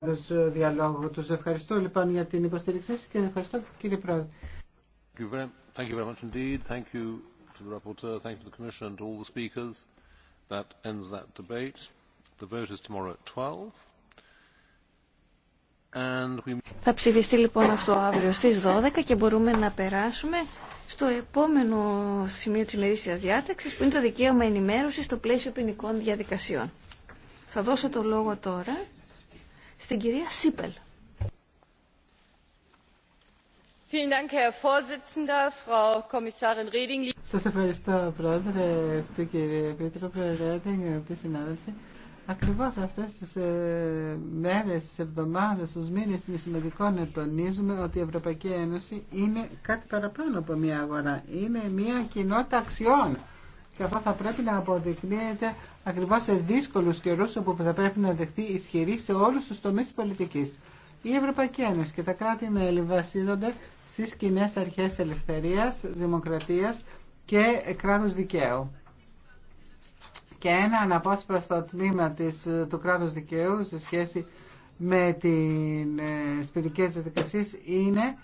Ε, διαλόγου. Τους ευχαριστώ λοιπόν για την υποστήριξή σας και ευχαριστώ κύριε Πρόεδρε. Thank you very much indeed. Thank you to the Rapporteur, thank you to the Commission and to all the speakers. That ends that debate. The vote is tomorrow at 12. And we... Θα ψηφιστεί λοιπόν αυτό αύριο στις 12 και μπορούμε να περάσουμε στο επόμενο σημείο της ημερήσιας διάταξης που είναι το δικαίωμα ενημέρωσης στο πλαίσιο ποινικών διαδικασιών. Θα δώσω το λόγο τώρα στην κυρία Σίπελ. Σας ευχαριστώ, Πρόεδρε, του κύριε Επίτροπε, Ρέντινγκ, κύριε συνάδελφοι. Ακριβώς αυτές τις ε, μέρες, τις εβδομάδες, τους μήνες είναι σημαντικό να τονίζουμε ότι η Ευρωπαϊκή Ένωση είναι κάτι παραπάνω από μια αγορά. Είναι μια κοινότητα αξιών και αυτό θα πρέπει να αποδεικνύεται ακριβώς σε δύσκολους καιρούς όπου θα πρέπει να δεχτεί ισχυρή σε όλους τους τομείς της πολιτικής. Η Ευρωπαϊκή Ένωση και τα κράτη-μέλη βασίζονται στις κοινέ αρχές ελευθερίας, δημοκρατίας και κράτους δικαίου. Και ένα αναπόσπαστο τμήμα της, του κράτους δικαίου σε σχέση με τις ε, σπιτικέ διαδικασίε είναι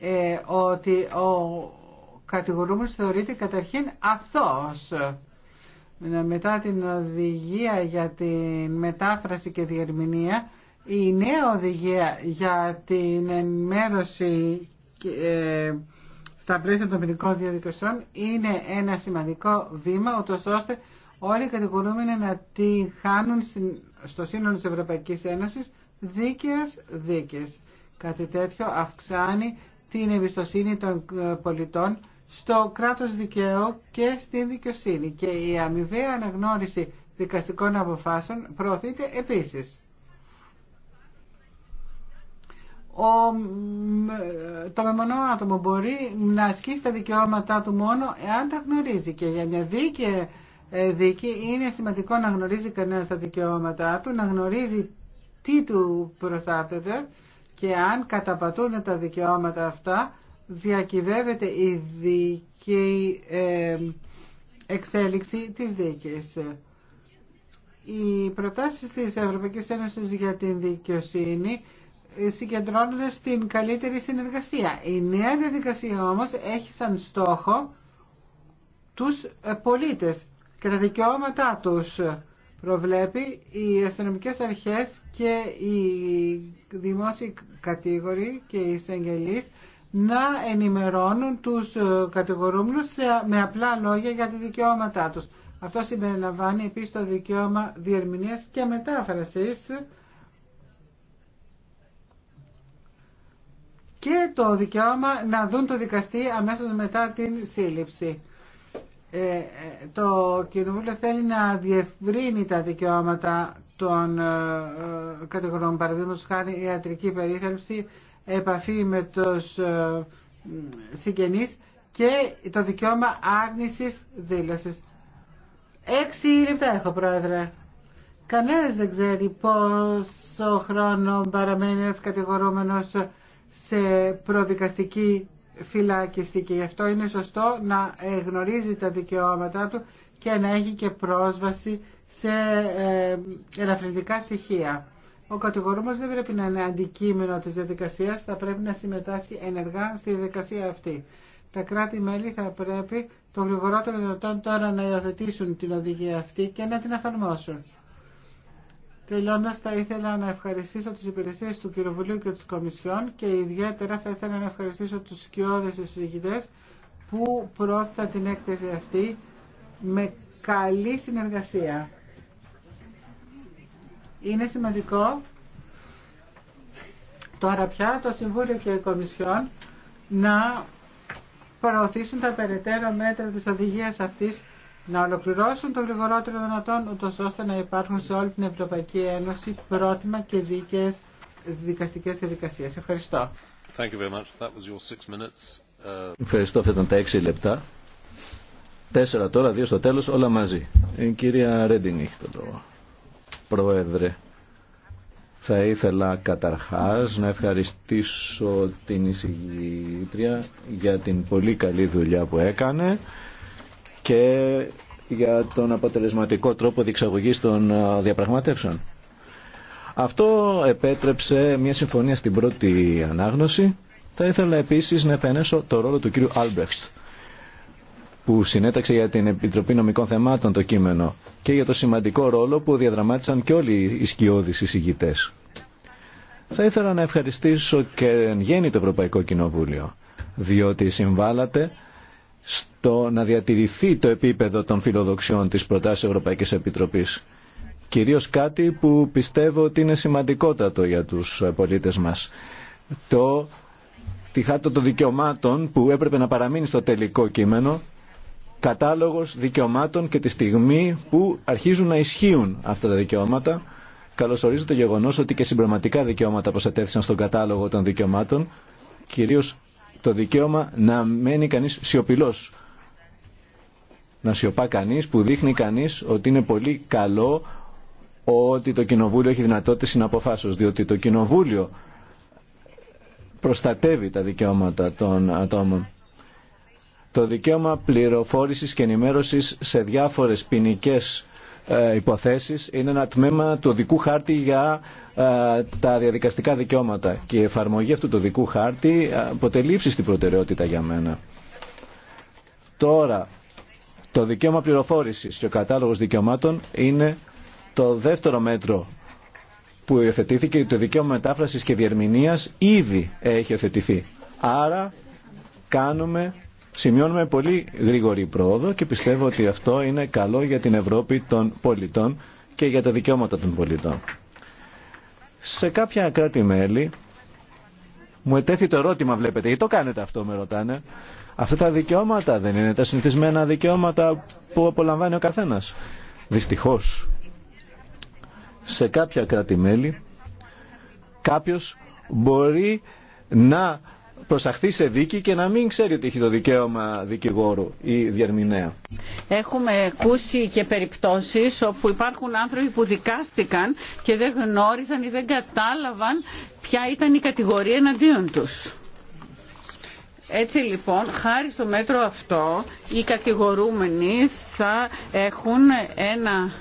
ε, ότι ο κατηγορούμενος θεωρείται καταρχήν αθώος. Μετά την οδηγία για την μετάφραση και διερμηνία, η νέα οδηγία για την ενημέρωση ε, στα πλαίσια των ποινικών διαδικασιών είναι ένα σημαντικό βήμα, ούτως ώστε όλοι οι κατηγορούμενοι να τη χάνουν στο σύνολο της Ευρωπαϊκής Ένωσης δίκαιες δίκες. Κάτι τέτοιο αυξάνει την εμπιστοσύνη των ε, πολιτών στο κράτος δικαίου και στην δικαιοσύνη και η αμοιβαία αναγνώριση δικαστικών αποφάσεων προωθείται επίσης. Ο, το μεμονό άτομο μπορεί να ασκήσει τα δικαιώματά του μόνο εάν τα γνωρίζει και για μια δίκαιη ε, δίκη είναι σημαντικό να γνωρίζει κανένα τα δικαιώματά του, να γνωρίζει τι του προστάτεται και αν καταπατούν τα δικαιώματα αυτά διακυβεύεται η δίκαιη ε, εξέλιξη της δίκης. Οι προτάσεις της Ευρωπαϊκής Ένωσης για την δικαιοσύνη συγκεντρώνονται στην καλύτερη συνεργασία. Η νέα διαδικασία όμως έχει σαν στόχο τους πολίτες και τα δικαιώματά τους προβλέπει οι αστυνομικές αρχές και οι δημόσιοι κατήγοροι και οι εισαγγελείς να ενημερώνουν τους ε, κατηγορούμενους με απλά λόγια για τα δικαιώματά τους. Αυτό συμπεριλαμβάνει επίσης το δικαίωμα διερμηνίας και μετάφρασης και το δικαίωμα να δουν το δικαστή αμέσως μετά την σύλληψη. Ε, ε, το Κοινοβούλιο θέλει να διευρύνει τα δικαιώματα των κατηγορών, παραδείγματος χάρη ιατρική περίθαλψη, επαφή με τους ε, συγγενείς και το δικαίωμα άρνησης δήλωσης. Έξι λεπτά έχω πρόεδρε. Κανένας δεν ξέρει πόσο χρόνο παραμένει ένας κατηγορούμενος σε προδικαστική φυλάκιση και γι' αυτό είναι σωστό να γνωρίζει τα δικαιώματά του και να έχει και πρόσβαση σε ελαφρυντικά στοιχεία. Ο κατηγορούμενος δεν πρέπει να είναι αντικείμενο της διαδικασίας, θα πρέπει να συμμετάσχει ενεργά στη διαδικασία αυτή. Τα κράτη-μέλη θα πρέπει το γρηγορότερο δυνατόν τώρα να υιοθετήσουν την οδηγία αυτή και να την εφαρμόσουν. Τελειώνοντας, θα ήθελα να ευχαριστήσω τις υπηρεσίες του Κοινοβουλίου και της Κομισιόν και ιδιαίτερα θα ήθελα να ευχαριστήσω τους σκιώδες εισηγητές που πρόθεσαν την έκθεση αυτή με καλή συνεργασία. Είναι σημαντικό τώρα πια το Συμβούλιο και η Κομισιόν να προωθήσουν τα περαιτέρω μέτρα της οδηγίας αυτής να ολοκληρώσουν το γρηγορότερο δυνατόν ούτως ώστε να υπάρχουν σε όλη την Ευρωπαϊκή Ένωση πρότιμα και δίκαιες δικαστικές διαδικασίες. Ευχαριστώ. Thank you very much. That was your minutes. Uh, Ευχαριστώ. Αυτά ήταν τα έξι λεπτά. Τέσσερα τώρα, δύο στο τέλος, όλα μαζί. Η κυρία Ρέντινγκ έχει το λόγο. Πρόεδρε. Θα ήθελα καταρχάς να ευχαριστήσω την εισηγήτρια για την πολύ καλή δουλειά που έκανε και για τον αποτελεσματικό τρόπο διεξαγωγής των ε, διαπραγματεύσεων. Αυτό επέτρεψε μια συμφωνία στην πρώτη ανάγνωση. Θα ήθελα επίσης να επενέσω το ρόλο του κύριου Άλμπρεχτ που συνέταξε για την Επιτροπή Νομικών Θεμάτων το κείμενο και για το σημαντικό ρόλο που διαδραμάτισαν και όλοι οι σκιώδεις εισηγητές. Θα ήθελα να ευχαριστήσω και εν γέννη το Ευρωπαϊκό Κοινοβούλιο, διότι συμβάλλατε στο να διατηρηθεί το επίπεδο των φιλοδοξιών της Προτάσης Ευρωπαϊκής Επιτροπής. Κυρίως κάτι που πιστεύω ότι είναι σημαντικότατο για τους πολίτες μας. Το τη χάρτα των δικαιωμάτων που έπρεπε να παραμείνει στο τελικό κείμενο κατάλογος δικαιωμάτων και τη στιγμή που αρχίζουν να ισχύουν αυτά τα δικαιώματα. Καλωσορίζω το γεγονός ότι και συμπροματικά δικαιώματα προστατεύθησαν στον κατάλογο των δικαιωμάτων, κυρίως το δικαίωμα να μένει κανείς σιωπηλός. Να σιωπά κανείς που δείχνει κανείς ότι είναι πολύ καλό ότι το Κοινοβούλιο έχει δυνατότητα συναποφάσεως, διότι το Κοινοβούλιο προστατεύει τα δικαιώματα των ατόμων. Το δικαίωμα πληροφόρησης και ενημέρωσης σε διάφορες ποινικέ ε, υποθέσεις είναι ένα τμήμα του δικού χάρτη για ε, τα διαδικαστικά δικαιώματα και η εφαρμογή αυτού του δικού χάρτη ε, αποτελεί ύψιστη προτεραιότητα για μένα. Τώρα, το δικαίωμα πληροφόρησης και ο κατάλογος δικαιωμάτων είναι το δεύτερο μέτρο που υιοθετήθηκε το δικαίωμα μετάφρασης και διερμηνίας ήδη έχει υιοθετηθεί. Άρα κάνουμε Σημειώνουμε πολύ γρήγορη πρόοδο και πιστεύω ότι αυτό είναι καλό για την Ευρώπη των πολιτών και για τα δικαιώματα των πολιτών. Σε κάποια κράτη-μέλη μου ετέθη το ερώτημα, βλέπετε, ή το κάνετε αυτό, με ρωτάνε. Αυτά τα δικαιώματα δεν είναι τα συνηθισμένα δικαιώματα που απολαμβάνει ο καθένας. Δυστυχώς, σε κάποια κράτη-μέλη κάποιος μπορεί να προσαχθεί σε δίκη και να μην ξέρει ότι έχει το δικαίωμα δικηγόρου ή διερμηνέα. Έχουμε ακούσει και περιπτώσεις όπου υπάρχουν άνθρωποι που δικάστηκαν και δεν γνώριζαν ή δεν κατάλαβαν ποια ήταν η κατηγορία εναντίον τους. Έτσι λοιπόν, χάρη στο μέτρο αυτό, οι κατηγορούμενοι θα έχουν ένα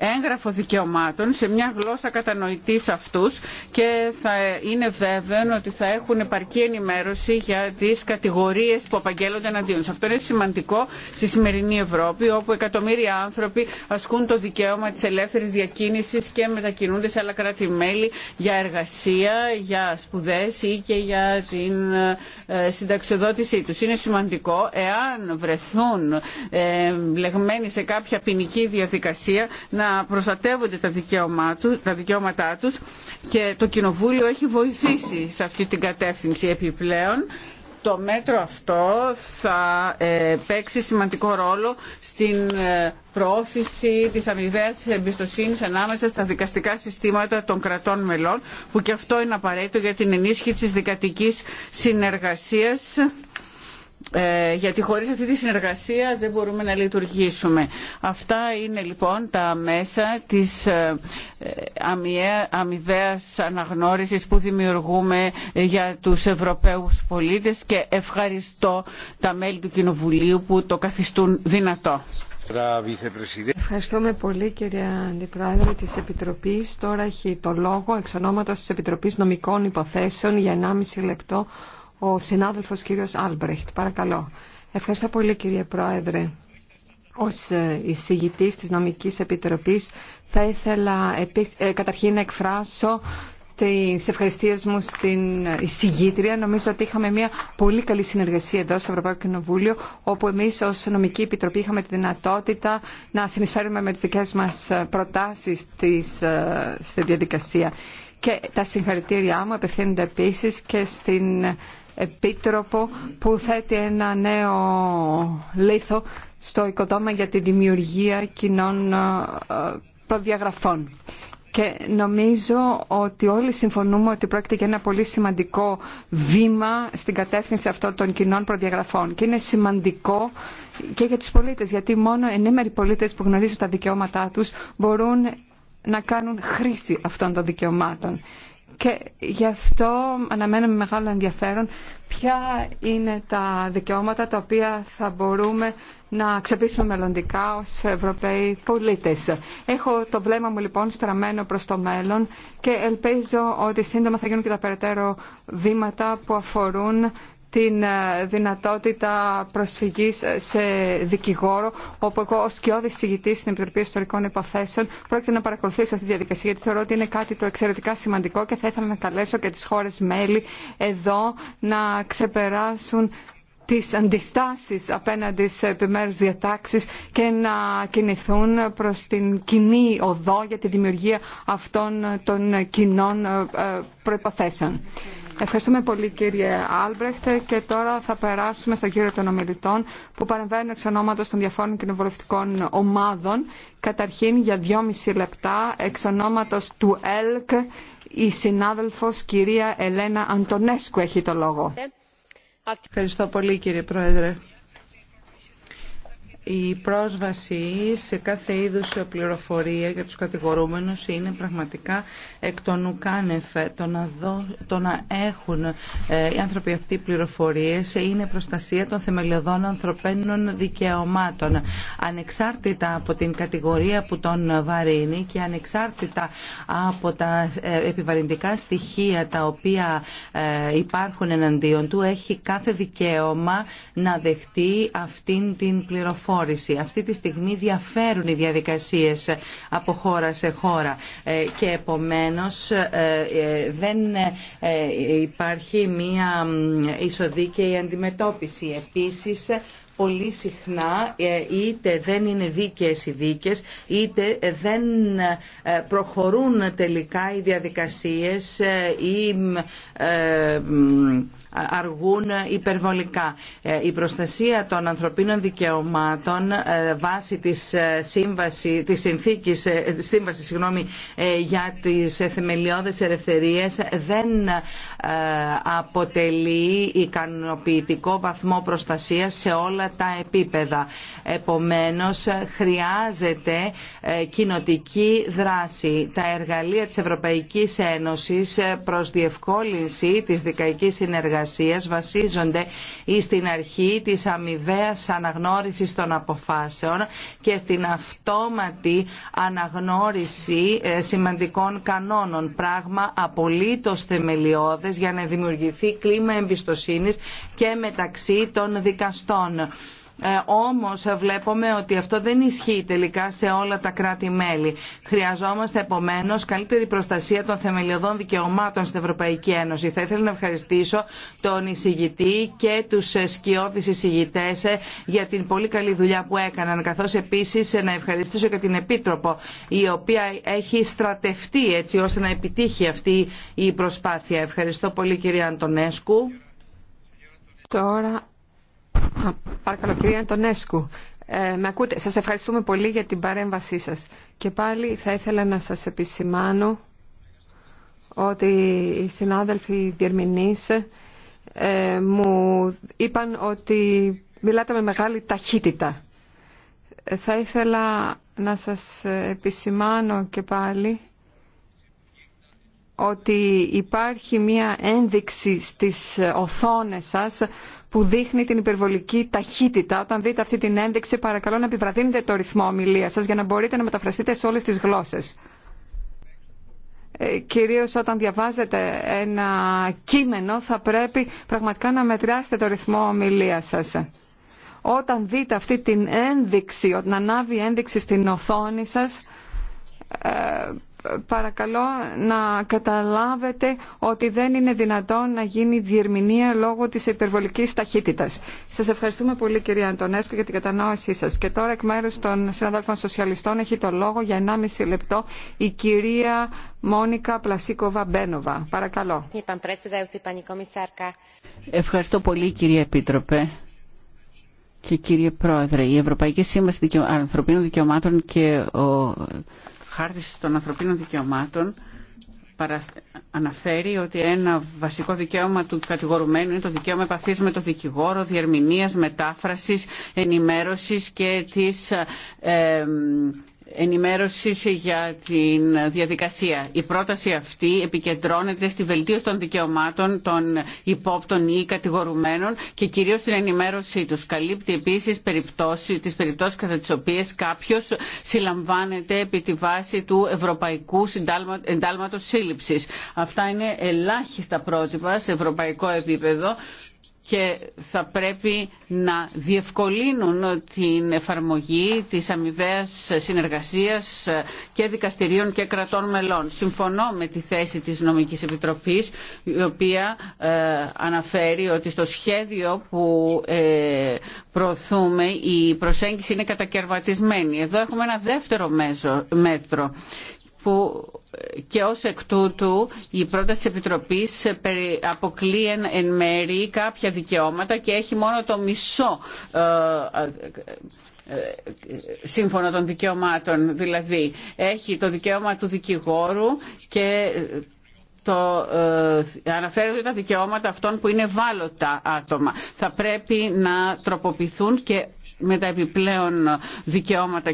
έγγραφο δικαιωμάτων σε μια γλώσσα κατανοητή σε αυτούς και θα είναι βέβαιο ότι θα έχουν επαρκή ενημέρωση για τις κατηγορίες που απαγγέλλονται εναντίον. Αυτό είναι σημαντικό στη σημερινή Ευρώπη όπου εκατομμύρια άνθρωποι ασκούν το δικαίωμα της ελεύθερης διακίνησης και μετακινούνται σε άλλα κράτη-μέλη για εργασία, για σπουδές ή και για την ε, συνταξιοδότησή τους. Είναι σημαντικό εάν βρεθούν ε, λεγμένοι σε κάποια ποινική διαδικασία να προστατεύονται τα, δικαιώματά τους και το Κοινοβούλιο έχει βοηθήσει σε αυτή την κατεύθυνση επιπλέον. Το μέτρο αυτό θα ε, παίξει σημαντικό ρόλο στην ε, προώθηση της αμοιβαίας εμπιστοσύνης ανάμεσα στα δικαστικά συστήματα των κρατών μελών, που και αυτό είναι απαραίτητο για την ενίσχυση της δικατικής συνεργασίας ε, γιατί χωρίς αυτή τη συνεργασία δεν μπορούμε να λειτουργήσουμε. Αυτά είναι λοιπόν τα μέσα της ε, αμοιβαίας αναγνώρισης που δημιουργούμε για τους Ευρωπαίους πολίτες και ευχαριστώ τα μέλη του Κοινοβουλίου που το καθιστούν δυνατό. Ευχαριστούμε πολύ κυρία Αντιπρόεδρε της Επιτροπής. Τώρα έχει το λόγο εξ της Επιτροπής Νομικών Υποθέσεων για 1,5 λεπτό ο συνάδελφος κύριος Άλμπρεχτ. Παρακαλώ. Ευχαριστώ πολύ κύριε Πρόεδρε. Ως ε, εισηγητής της Νομικής Επιτροπής θα ήθελα ε, καταρχήν να εκφράσω τις ευχαριστίες μου στην εισηγήτρια. Νομίζω ότι είχαμε μια πολύ καλή συνεργασία εδώ στο Ευρωπαϊκό Κοινοβούλιο, όπου εμείς ως Νομική Επιτροπή είχαμε τη δυνατότητα να συνεισφέρουμε με τις δικές μας προτάσεις ε, στη διαδικασία. Και τα συγχαρητήριά μου απευθύνονται επίσης και στην επίτροπο που θέτει ένα νέο λίθο στο οικοδόμα για τη δημιουργία κοινών ε, προδιαγραφών. Και νομίζω ότι όλοι συμφωνούμε ότι πρόκειται για ένα πολύ σημαντικό βήμα στην κατεύθυνση αυτών των κοινών προδιαγραφών. Και είναι σημαντικό και για τους πολίτες, γιατί μόνο ενήμεροι πολίτες που γνωρίζουν τα δικαιώματά τους μπορούν να κάνουν χρήση αυτών των δικαιωμάτων και γι' αυτό αναμένω με μεγάλο ενδιαφέρον ποια είναι τα δικαιώματα τα οποία θα μπορούμε να ξεπίσουμε μελλοντικά ως Ευρωπαίοι πολίτες. Έχω το βλέμμα μου λοιπόν στραμμένο προς το μέλλον και ελπίζω ότι σύντομα θα γίνουν και τα περαιτέρω βήματα που αφορούν την ε, δυνατότητα προσφυγής ε, σε δικηγόρο, όπου εγώ ως κοιόδης συγητής στην Επιτροπή Ιστορικών Υποθέσεων πρόκειται να παρακολουθήσω αυτή τη διαδικασία, γιατί θεωρώ ότι είναι κάτι το εξαιρετικά σημαντικό και θα ήθελα να καλέσω και τις χώρες μέλη εδώ να ξεπεράσουν τις αντιστάσεις απέναντι σε επιμέρους διατάξεις και να κινηθούν προς την κοινή οδό για τη δημιουργία αυτών των κοινών ε, προϋποθέσεων. Ευχαριστούμε πολύ κύριε Άλμπρεχτ και τώρα θα περάσουμε στον κύριο των ομιλητών που παρεμβαίνουν εξ ονόματος των διαφόρων κοινοβουλευτικών ομάδων. Καταρχήν για δυόμιση λεπτά εξ ονόματος του ΕΛΚ η συνάδελφος κυρία Ελένα Αντωνέσκου έχει το λόγο. Ευχαριστώ πολύ κύριε Πρόεδρε η πρόσβαση σε κάθε είδους πληροφορία για τους κατηγορούμενους είναι πραγματικά εκ των ουκάνευ. Το να, το να έχουν ε, οι άνθρωποι αυτοί πληροφορίες είναι προστασία των θεμελιωδών ανθρωπίνων δικαιωμάτων. Ανεξάρτητα από την κατηγορία που τον βαρύνει και ανεξάρτητα από τα ε, επιβαρυντικά στοιχεία τα οποία ε, υπάρχουν εναντίον του, έχει κάθε δικαίωμα να δεχτεί αυτήν την πληροφορία. Αυτή τη στιγμή διαφέρουν οι διαδικασίες από χώρα σε χώρα ε, και επομένως ε, ε, δεν υπάρχει μία ισοδίκαιη αντιμετώπιση. Επίσης πολύ συχνά ε, είτε δεν είναι δίκαιες οι δίκες, είτε δεν ε, προχωρούν τελικά οι διαδικασίες ε, ή αργούν υπερβολικά. Η προστασία των ανθρωπίνων δικαιωμάτων βάσει της, σύμβαση, της συνθήκης, της σύμβασης συγγνώμη, για τις θεμελιώδες ελευθερίες δεν ε, αποτελεί ικανοποιητικό βαθμό προστασίας σε όλα τα επίπεδα. Επομένως, χρειάζεται ε, κοινοτική δράση. Τα εργαλεία της Ευρωπαϊκής Ένωσης ε, προς διευκόλυνση της δικαϊκής συνεργασίας βασίζονται στην αρχή της αμοιβαία αναγνώρισης των αποφάσεων και στην αυτόματη αναγνώριση σημαντικών κανόνων. Πράγμα απολύτως θεμελιώδες για να δημιουργηθεί κλίμα εμπιστοσύνης και μεταξύ των δικαστών. Ε, όμως βλέπουμε ότι αυτό δεν ισχύει τελικά σε όλα τα κράτη-μέλη. Χρειαζόμαστε επομένως καλύτερη προστασία των θεμελιωδών δικαιωμάτων στην Ευρωπαϊκή Ένωση. Θα ήθελα να ευχαριστήσω τον εισηγητή και τους σκιώδεις εισηγητές ε, για την πολύ καλή δουλειά που έκαναν, καθώς επίσης ε, να ευχαριστήσω και την Επίτροπο, η οποία έχει στρατευτεί έτσι ώστε να επιτύχει αυτή η προσπάθεια. Ευχαριστώ πολύ κυρία Αντωνέσκου. Τώρα Παρακαλώ, κυρία Αντωνέσκου. Ε, Σας ευχαριστούμε πολύ για την παρέμβασή σας. Και πάλι θα ήθελα να σας επισημάνω ότι οι συνάδελφοι διερμηνείς ε, μου είπαν ότι μιλάτε με μεγάλη ταχύτητα. Ε, θα ήθελα να σας επισημάνω και πάλι ότι υπάρχει μία ένδειξη στις οθόνες σας που δείχνει την υπερβολική ταχύτητα. Όταν δείτε αυτή την ένδειξη, παρακαλώ να επιβραδύνετε το ρυθμό ομιλία σας για να μπορείτε να μεταφραστείτε σε όλες τις γλώσσες. Ε, κυρίως όταν διαβάζετε ένα κείμενο θα πρέπει πραγματικά να μετράσετε το ρυθμό ομιλία σας. Όταν δείτε αυτή την ένδειξη, όταν ανάβει η ένδειξη στην οθόνη σας, ε, παρακαλώ να καταλάβετε ότι δεν είναι δυνατόν να γίνει διερμηνία λόγω της υπερβολικής ταχύτητας. Σας ευχαριστούμε πολύ κυρία Αντωνέσκο για την κατανόησή σας. Και τώρα εκ μέρους των συναδέλφων σοσιαλιστών έχει το λόγο για 1,5 λεπτό η κυρία Μόνικα Πλασίκοβα Μπένοβα. Παρακαλώ. Ευχαριστώ πολύ κυρία Επίτροπε. Και κύριε Πρόεδρε, η Ευρωπαϊκή Σύμβαση Ανθρωπίνων Δικαιωμάτων και ο χάρτηση των ανθρωπίνων δικαιωμάτων αναφέρει ότι ένα βασικό δικαίωμα του κατηγορουμένου είναι το δικαίωμα επαφής με το δικηγόρο, διερμηνίας, μετάφρασης, ενημέρωσης και της ε, ενημέρωσης για την διαδικασία. Η πρόταση αυτή επικεντρώνεται στη βελτίωση των δικαιωμάτων των υπόπτων ή κατηγορουμένων και κυρίως στην ενημέρωσή τους. Καλύπτει επίσης περιπτώσεις, τις περιπτώσεις κατά τις οποίες κάποιος συλλαμβάνεται επί τη βάση του Ευρωπαϊκού Εντάλματος Σύλληψης. Αυτά είναι ελάχιστα πρότυπα σε ευρωπαϊκό επίπεδο και θα πρέπει να διευκολύνουν την εφαρμογή της αμοιβαία συνεργασίας και δικαστηρίων και κρατών μελών. Συμφωνώ με τη θέση της Νομικής Επιτροπής, η οποία ε, αναφέρει ότι στο σχέδιο που ε, προωθούμε η προσέγγιση είναι κατακαιρματισμένη. Εδώ έχουμε ένα δεύτερο μέτρο που και ως εκ τούτου η πρόταση της Επιτροπής αποκλεί εν μέρη κάποια δικαιώματα και έχει μόνο το μισό ε, ε, σύμφωνο των δικαιωμάτων. Δηλαδή έχει το δικαίωμα του δικηγόρου και το, ε, αναφέρονται τα δικαιώματα αυτών που είναι βάλωτα άτομα. Θα πρέπει να τροποποιηθούν και με τα επιπλέον δικαιώματα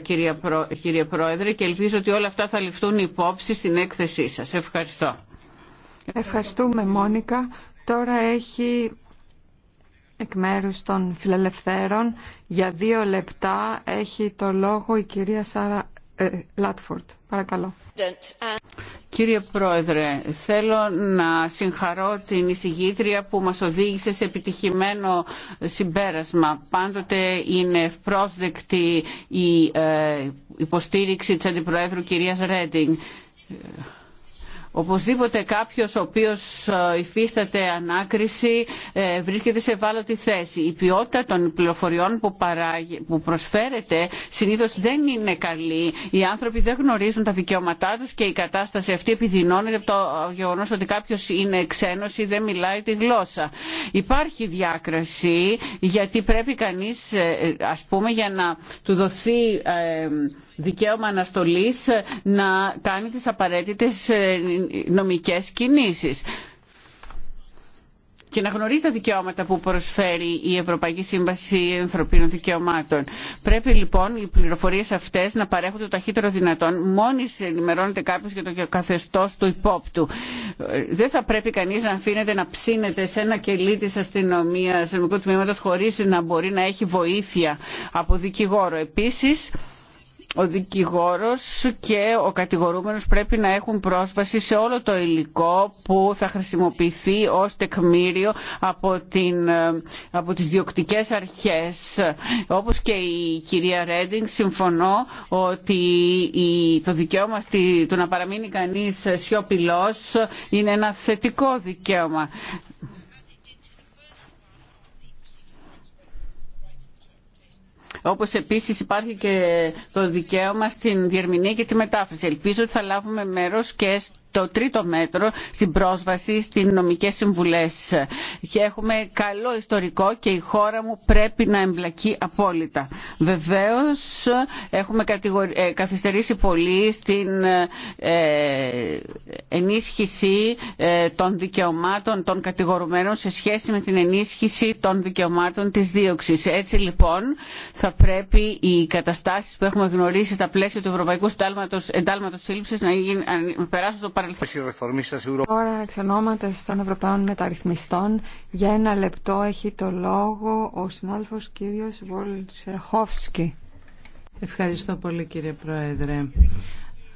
κύριε Πρόεδρε και ελπίζω ότι όλα αυτά θα ληφθούν υπόψη στην έκθεσή σας. Ευχαριστώ. Ευχαριστούμε Μόνικα. Τώρα έχει εκ μέρου των φιλελευθέρων για δύο λεπτά έχει το λόγο η κυρία Σάρα ε, Κύριε Πρόεδρε, θέλω να συγχαρώ την εισηγήτρια που μας οδήγησε σε επιτυχημένο συμπέρασμα. Πάντοτε είναι ευπρόσδεκτη η ε, υποστήριξη της Αντιπροέδρου κυρίας Ρέντινγκ Οπωσδήποτε κάποιος ο οποίος ε, υφίσταται ανάκριση ε, βρίσκεται σε ευάλωτη θέση. Η ποιότητα των πληροφοριών που, προσφέρεται συνήθως δεν είναι καλή. Οι άνθρωποι δεν γνωρίζουν τα δικαιώματά τους και η κατάσταση αυτή επιδεινώνεται από το γεγονός ότι κάποιος είναι ξένος ή δεν μιλάει τη γλώσσα. Υπάρχει διάκραση γιατί πρέπει κανείς ε, ας πούμε για να του δοθεί δικαίωμα αναστολής να κάνει τις απαραίτητες νομικές κινήσεις και να γνωρίζει τα δικαιώματα που προσφέρει η Ευρωπαϊκή Σύμβαση Ανθρωπίνων Δικαιωμάτων. Πρέπει λοιπόν οι πληροφορίε αυτέ να παρέχονται το ταχύτερο δυνατόν, μόλι ενημερώνεται κάποιο για το καθεστώ του υπόπτου. Δεν θα πρέπει κανεί να αφήνεται να ψήνεται σε ένα κελί τη αστυνομία, αστυνομικού τμήματο, χωρί να μπορεί να έχει βοήθεια από δικηγόρο. Επίση, ο δικηγόρος και ο κατηγορούμενος πρέπει να έχουν πρόσβαση σε όλο το υλικό που θα χρησιμοποιηθεί ως τεκμήριο από, την, ε, από τις διοκτικές αρχές. Όπως και η κυρία Ρέντινγκ συμφωνώ ότι το δικαίωμα του να παραμείνει κανείς σιωπηλός είναι ένα θετικό δικαίωμα. Όπως επίσης υπάρχει και το δικαίωμα στην διερμηνή και τη μετάφραση. Ελπίζω ότι θα λάβουμε μέρος και το τρίτο μέτρο στην πρόσβαση στι νομικές συμβουλές. Και έχουμε καλό ιστορικό και η χώρα μου πρέπει να εμπλακεί απόλυτα. Βεβαίω, έχουμε ε, καθυστερήσει πολύ στην ε, ενίσχυση ε, των δικαιωμάτων των κατηγορουμένων σε σχέση με την ενίσχυση των δικαιωμάτων της δίωξης. Έτσι λοιπόν θα πρέπει οι καταστάσεις που έχουμε γνωρίσει στα πλαίσια του Ευρωπαϊκού Εντάλματος Σύλληψης να περάσουν στο παρελθόν Τώρα εξ ονόματος των Ευρωπαίων Μεταρρυθμιστών για ένα λεπτό έχει το λόγο ο συνάδελφος κύριος Βολτσεχόφσκι. Ευχαριστώ πολύ κύριε Πρόεδρε.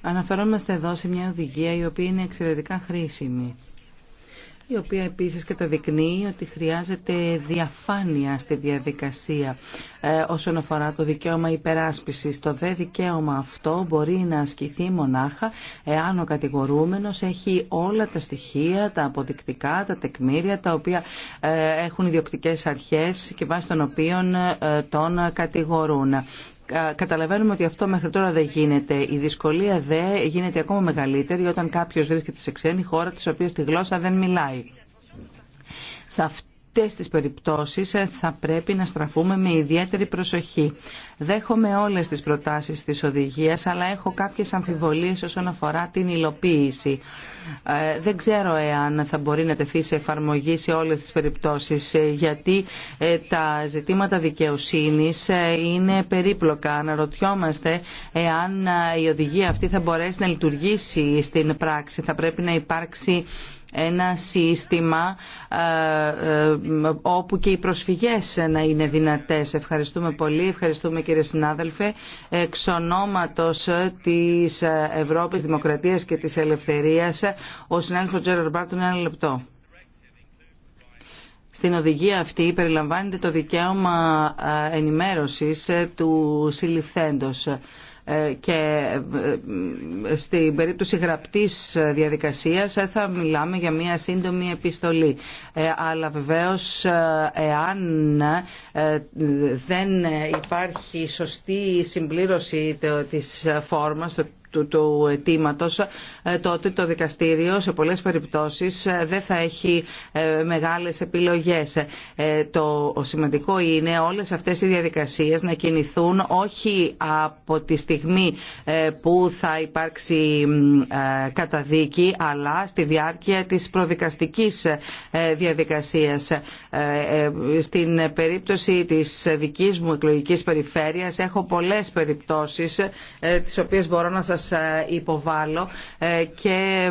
Αναφερόμαστε εδώ σε μια οδηγία η οποία είναι εξαιρετικά χρήσιμη η οποία επίσης καταδεικνύει ότι χρειάζεται διαφάνεια στη διαδικασία ε, όσον αφορά το δικαίωμα υπεράσπισης. Το δε δικαίωμα αυτό μπορεί να ασκηθεί μονάχα εάν ο κατηγορούμενος έχει όλα τα στοιχεία, τα αποδεικτικά, τα τεκμήρια, τα οποία ε, έχουν ιδιοκτικές αρχές και βάσει των οποίων ε, τον κατηγορούν. Καταλαβαίνουμε ότι αυτό μέχρι τώρα δεν γίνεται. Η δυσκολία δε γίνεται ακόμα μεγαλύτερη όταν κάποιος βρίσκεται σε ξένη χώρα της οποίας τη γλώσσα δεν μιλάει αυτές τις περιπτώσεις ε, θα πρέπει να στραφούμε με ιδιαίτερη προσοχή. Δέχομαι όλες τις προτάσεις της οδηγίας, αλλά έχω κάποιες αμφιβολίες όσον αφορά την υλοποίηση. Ε, δεν ξέρω εάν θα μπορεί να τεθεί σε εφαρμογή σε όλες τις περιπτώσεις, ε, γιατί τα ζητήματα δικαιοσύνης είναι περίπλοκα. Αναρωτιόμαστε εάν η οδηγία αυτή θα μπορέσει να λειτουργήσει στην πράξη. Θα πρέπει να υπάρξει ένα σύστημα ε, ε, όπου και οι προσφυγές να είναι δυνατές. Ευχαριστούμε πολύ, ευχαριστούμε κύριε συνάδελφε. Εξ ονόματος της Ευρώπης Δημοκρατίας και της Ελευθερίας, ο συνάδελφος Τζέραρ Μπάρτον ένα λεπτό. Στην οδηγία αυτή περιλαμβάνεται το δικαίωμα ε, ενημέρωσης του συλληφθέντος. Ε, και ε, στην περίπτωση γραπτής διαδικασίας ε, θα μιλάμε για μια σύντομη επιστολή. Αλλά βεβαίως εάν δεν υπάρχει σωστή συμπλήρωση της φόρμας, του, του αιτήματο, ε, τότε το δικαστήριο σε πολλές περιπτώσεις ε, δεν θα έχει ε, μεγάλες επιλογές. Το σημαντικό είναι όλες αυτές οι διαδικασίες να κινηθούν όχι από τη στιγμή που θα υπάρξει καταδίκη, αλλά στη διάρκεια της προδικαστικής διαδικασίας. Στην περίπτωση της δική μου εκλογικής περιφέρειας έχω πολλέ περιπτώσει τις οποίες μπορώ να σας ε, υποβάλλω ε, και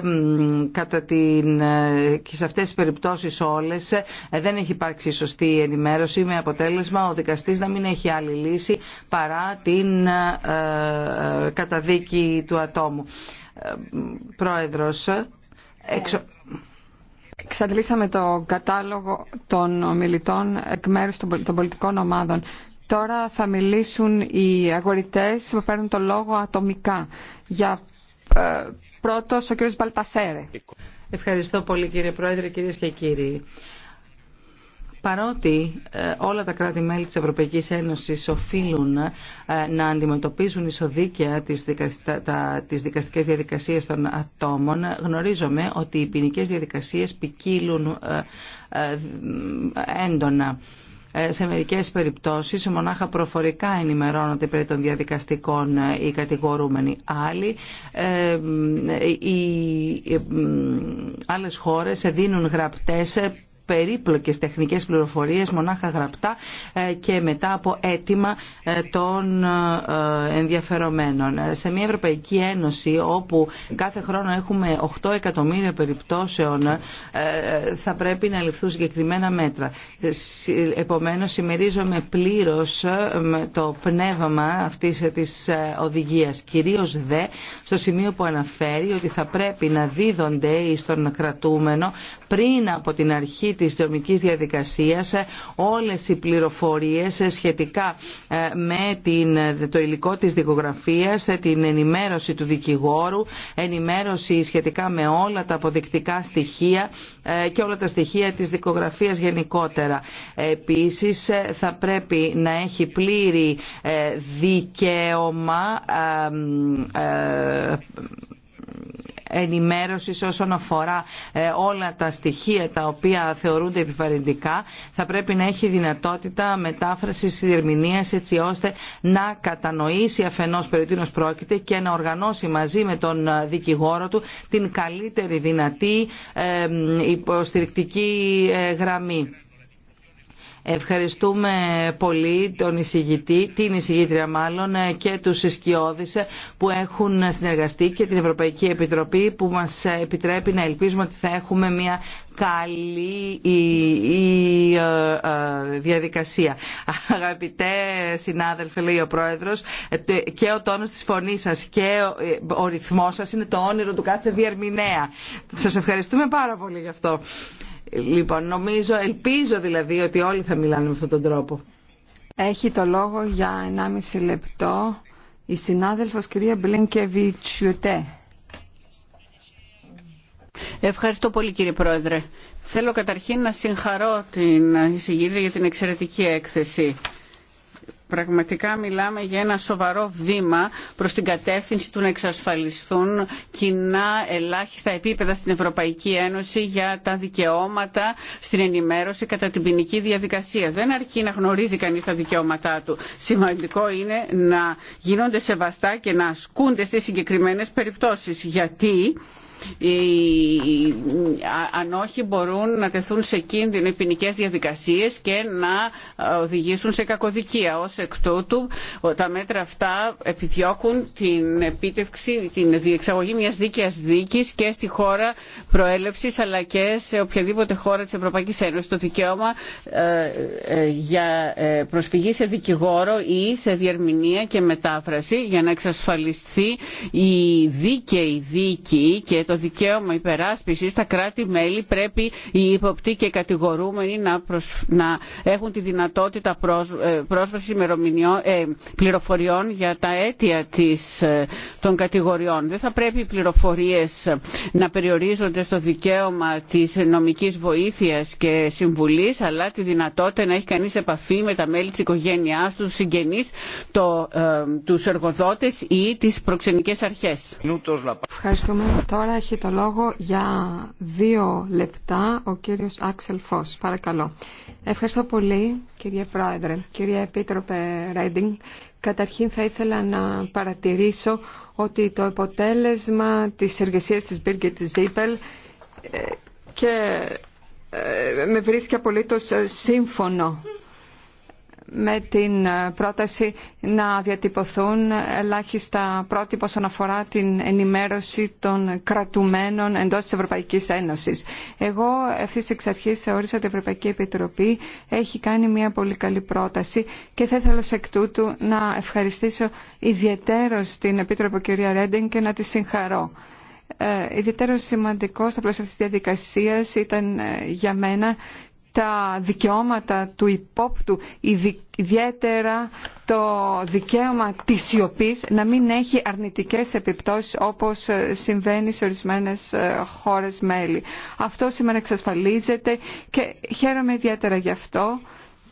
κατά την, ε, και σε αυτές τις περιπτώσεις όλες δεν έχει υπάρξει σωστή ενημέρωση με αποτέλεσμα ο δικαστής να μην έχει άλλη λύση παρά την καταδίκη του ατόμου. Πρόεδρος, εξο... Εξαντλήσαμε το κατάλογο των ομιλητών εκ μέρους των πολιτικών ομάδων. Τώρα θα μιλήσουν οι αγορητές που παίρνουν το λόγο ατομικά. Για ε, πρώτος ο κύριος Μπαλτασέρε. Ευχαριστώ πολύ κύριε Πρόεδρε, κύριε και κύριοι. Παρότι ε, όλα τα κράτη-μέλη της Ευρωπαϊκής Ένωσης οφείλουν ε, να αντιμετωπίζουν ισοδίκαια τις, δικαστικέ τα... δικαστικές διαδικασίες των ατόμων, γνωρίζομαι ότι οι ποινικέ διαδικασίες ποικίλουν ε, έντονα. Ε, σε μερικές περιπτώσεις μονάχα προφορικά ενημερώνονται περί των διαδικαστικών ε, οι κατηγορούμενοι. Άλλοι, ε, οι άλλες χώρες δίνουν γραπτές περίπλοκες τεχνικές πληροφορίες μονάχα γραπτά ε, και μετά από αίτημα ε, των ε, ενδιαφερομένων. Σε μια Ευρωπαϊκή Ένωση όπου κάθε χρόνο έχουμε 8 εκατομμύρια περιπτώσεων θα πρέπει να ληφθούν συγκεκριμένα μέτρα. Επομένως, συμμερίζομαι πλήρως το πνεύμα αυτής της οδηγίας. Κυρίως δε στο σημείο που αναφέρει ότι θα πρέπει να δίδονται στον κρατούμενο πριν από την αρχή της δομικής διαδικασίας ε, όλες οι πληροφορίες ε, σχετικά ε, με το υλικό της δικογραφίας, την ενημέρωση του δικηγόρου, ενημέρωση σχετικά με όλα τα αποδεικτικά στοιχεία και όλα τα στοιχεία της δικογραφίας γενικότερα. Επίσης θα πρέπει να έχει πλήρη δικαίωμα ενημέρωση όσον αφορά ε, όλα τα στοιχεία τα οποία θεωρούνται επιβαρυντικά θα πρέπει να έχει δυνατότητα μετάφρασης ερμηνείας έτσι ώστε να κατανοήσει αφενός περί τίνος πρόκειται και να οργανώσει μαζί με τον ε, δικηγόρο του την καλύτερη δυνατή ε, υποστηρικτική γραμμή. Ευχαριστούμε πολύ τον εισηγητή, την εισηγήτρια μάλλον και του συσκιώδεις που έχουν συνεργαστεί και την Ευρωπαϊκή Επιτροπή που μας επιτρέπει να ελπίζουμε ότι θα έχουμε μια καλή η, ε, ε, διαδικασία. Αγαπητέ συνάδελφε, λέει ο Πρόεδρος, και ο τόνος της φωνής σας και ο, ε, ο ρυθμός σας είναι το όνειρο του κάθε διερμηνέα. Σας ευχαριστούμε πάρα πολύ γι' αυτό. Λοιπόν, νομίζω, ελπίζω δηλαδή ότι όλοι θα μιλάνε με αυτόν τον τρόπο. Έχει το λόγο για 1,5 λεπτό η συνάδελφος κυρία Μπλίνκεβιτσιουτέ. Ευχαριστώ πολύ κύριε Πρόεδρε. Θέλω καταρχήν να συγχαρώ την εισηγήτρια για την εξαιρετική έκθεση. Πραγματικά μιλάμε για ένα σοβαρό βήμα προς την κατεύθυνση του να εξασφαλιστούν κοινά ελάχιστα επίπεδα στην Ευρωπαϊκή Ένωση για τα δικαιώματα στην ενημέρωση κατά την ποινική διαδικασία. Δεν αρκεί να γνωρίζει κανείς τα δικαιώματά του. Σημαντικό είναι να γίνονται σεβαστά και να ασκούνται στις συγκεκριμένες περιπτώσεις. Γιατί αν όχι μπορούν να τεθούν σε κίνδυνο οι ποινικέ διαδικασίες και να οδηγήσουν σε κακοδικία. ω εκ τούτου τα μέτρα αυτά επιδιώκουν την επίτευξη, την διεξαγωγή μιας δίκαιας δίκης και στη χώρα προέλευση αλλά και σε οποιαδήποτε χώρα τη Ευρωπαϊκή Ένωση. Το δικαίωμα ε, για ε, προσφυγή σε δικηγόρο ή σε διερμηνία και μετάφραση για να εξασφαλιστεί η δίκαιη δίκη και το δικαίωμα υπεράσπισης στα κράτη-μέλη πρέπει οι υποπτοί και οι κατηγορούμενοι να, έχουν τη δυνατότητα ε, πρόσβασης πρόσβαση ε, πληροφοριών για τα αίτια της... Ε, των κατηγοριών. Δεν θα πρέπει οι πληροφορίες να περιορίζονται στο δικαίωμα της νομικής βοήθειας και συμβουλής αλλά τη δυνατότητα να έχει κανείς επαφή με τα μέλη της οικογένειάς του, συγγενείς, τους ή τις προξενικές αρχές έχει το λόγο για δύο λεπτά ο κύριος Άξελ Φως. Παρακαλώ. Ευχαριστώ πολύ κύριε Πρόεδρε, κύριε Επίτροπε Ρέντινγκ. Καταρχήν θα ήθελα να παρατηρήσω ότι το αποτέλεσμα της εργασίας της Μπίργκετ Ζίπελ ε, και ε, με βρίσκει απολύτως ε, σύμφωνο με την ε, πρόταση να διατυπωθούν ελάχιστα πρότυπα όσον αφορά την ενημέρωση των κρατουμένων εντός της Ευρωπαϊκής Ένωσης. Εγώ ευθύ εξ εξαρχή θεώρησα ότι η Ευρωπαϊκή Επιτροπή έχει κάνει μια πολύ καλή πρόταση και θα ήθελα σε εκ τούτου να ευχαριστήσω ιδιαίτερος την Επίτροπο κυρία Ρέντινγκ και να τη συγχαρώ. Ε, ιδιαίτερο σημαντικό στα πλαίσια της διαδικασίας ήταν ε, για μένα τα δικαιώματα του υπόπτου, ιδιαίτερα το δικαίωμα της σιωπής να μην έχει αρνητικές επιπτώσεις όπως ε, συμβαίνει σε ορισμένες ε, χώρες μέλη. Αυτό σήμερα εξασφαλίζεται και χαίρομαι ιδιαίτερα γι' αυτό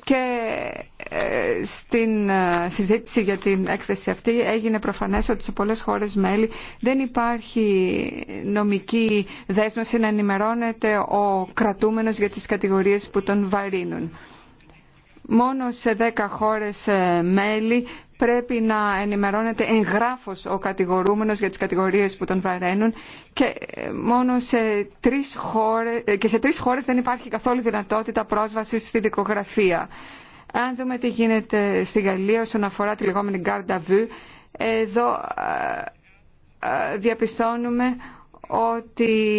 και ε, στην ε, συζήτηση για την έκθεση αυτή έγινε προφανές ότι σε πολλές χώρες μέλη δεν υπάρχει νομική δέσμευση να ενημερώνεται ο κρατούμενος για τις κατηγορίες που τον βαρύνουν μόνο σε 10 χώρες ε, μέλη πρέπει να ενημερώνεται εγγράφος ο κατηγορούμενος για τις κατηγορίες που τον βαραίνουν και ε, μόνο σε τρεις χώρες, ε, και σε τρεις χώρες δεν υπάρχει καθόλου δυνατότητα πρόσβασης στη δικογραφία. Αν δούμε τι γίνεται στη Γαλλία όσον αφορά τη λεγόμενη garde à vue, εδώ διαπιστώνουμε ότι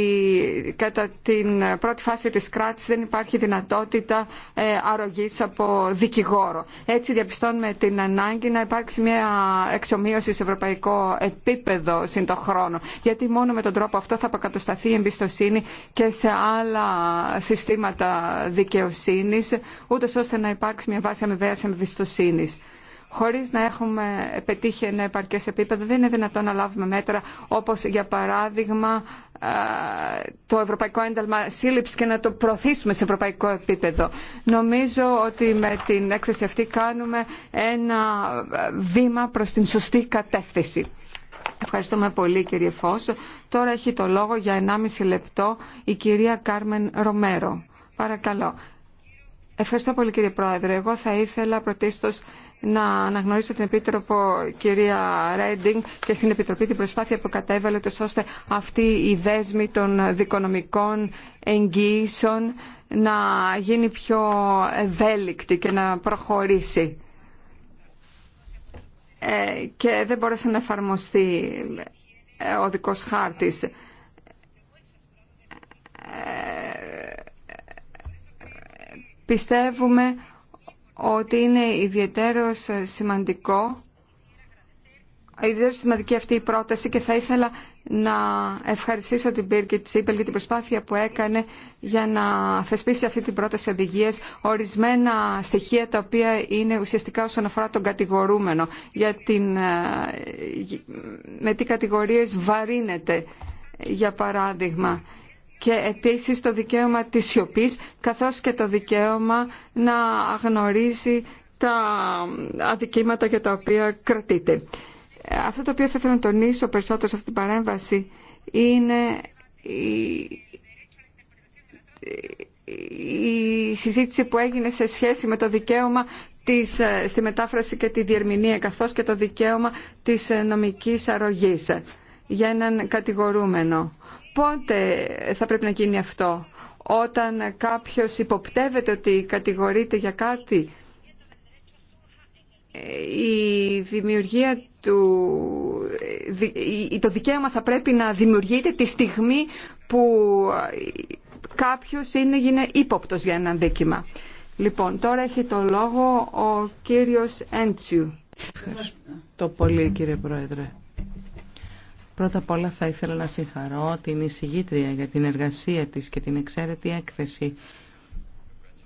κατά την πρώτη φάση της κράτησης δεν υπάρχει δυνατότητα ε, αρρωγής από δικηγόρο. Έτσι διαπιστώνουμε την ανάγκη να υπάρξει μια εξομοίωση σε ευρωπαϊκό επίπεδο συν το χρόνο, γιατί μόνο με τον τρόπο αυτό θα αποκατασταθεί η εμπιστοσύνη και σε άλλα συστήματα δικαιοσύνης, ούτως ώστε να υπάρξει μια βάση αμοιβαίας εμπιστοσύνης χωρίς να έχουμε πετύχει ένα επαρκές επίπεδο δεν είναι δυνατόν να λάβουμε μέτρα όπως για παράδειγμα το ευρωπαϊκό ένταλμα σύλληψη και να το προωθήσουμε σε ευρωπαϊκό επίπεδο. Νομίζω ότι με την έκθεση αυτή κάνουμε ένα ε, βήμα προς την σωστή κατεύθυνση. Ευχαριστούμε πολύ κύριε Φως. Τώρα έχει το λόγο για 1,5 λεπτό η κυρία Κάρμεν Ρομέρο. Παρακαλώ. Ευχαριστώ πολύ κύριε Πρόεδρε. Εγώ θα ήθελα πρωτίστως να αναγνωρίσω την Επίτροπο κυρία Ρέντινγκ και στην Επιτροπή την προσπάθεια που κατέβαλε ώστε αυτή η δέσμη των δικονομικών εγγυήσεων να γίνει πιο ευέλικτη και να προχωρήσει. Ε, και δεν μπόρεσε να εφαρμοστεί ε, ο δικός χάρτης. Ε, πιστεύουμε ότι είναι ιδιαίτερο σημαντικό ιδιαίτερα σημαντική αυτή η πρόταση και θα ήθελα να ευχαριστήσω την Πίρκετ Τσίπελ για την προσπάθεια που έκανε για να θεσπίσει αυτή την πρόταση οδηγίε ορισμένα στοιχεία τα οποία είναι ουσιαστικά όσον αφορά τον κατηγορούμενο για την, ε, με τι κατηγορίες βαρύνεται για παράδειγμα και επίσης το δικαίωμα της σιωπής καθώς και το δικαίωμα να αγνωρίζει τα αδικήματα για τα οποία κρατείται. Αυτό το οποίο θα ήθελα να τονίσω περισσότερο σε αυτή την παρέμβαση είναι η συζήτηση που έγινε σε σχέση με το δικαίωμα της, στη μετάφραση και τη διερμηνία καθώς και το δικαίωμα της νομικής αρρωγής για έναν κατηγορούμενο. Πότε θα πρέπει να γίνει αυτό, όταν κάποιος υποπτεύεται ότι κατηγορείται για κάτι, η δημιουργία του, το δικαίωμα θα πρέπει να δημιουργείται τη στιγμή που κάποιος είναι, γίνει ύποπτος για ένα δίκημα. Λοιπόν, τώρα έχει το λόγο ο κύριος Έντσιου. Ευχαριστώ πολύ κύριε Πρόεδρε. Πρώτα απ' όλα θα ήθελα να συγχαρώ την εισηγήτρια για την εργασία της και την εξαίρετη έκθεση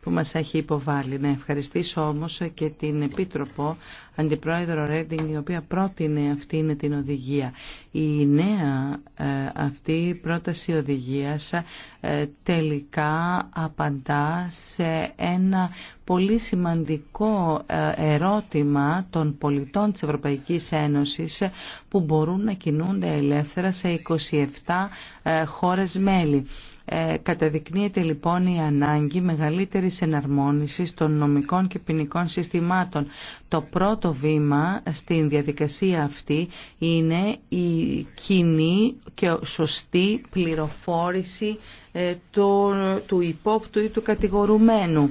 που μας έχει υποβάλει. Να ευχαριστήσω όμως και την Επίτροπο Αντιπρόεδρο Ρέντινγκ η οποία πρότεινε είναι την οδηγία. Η νέα ε, αυτή πρόταση οδηγίας ε, τελικά απαντά σε ένα πολύ σημαντικό ε, ερώτημα των πολιτών της Ευρωπαϊκής Ένωσης που μπορούν να κινούνται ελεύθερα σε 27 χώρες μέλη. Ε, καταδεικνύεται λοιπόν η ανάγκη μεγαλύτερης εναρμόνισης των νομικών και ποινικών συστημάτων. Το πρώτο βήμα στην διαδικασία αυτή είναι η κοινή και σωστή πληροφόρηση ε, του, του υπόπτου ή του κατηγορουμένου.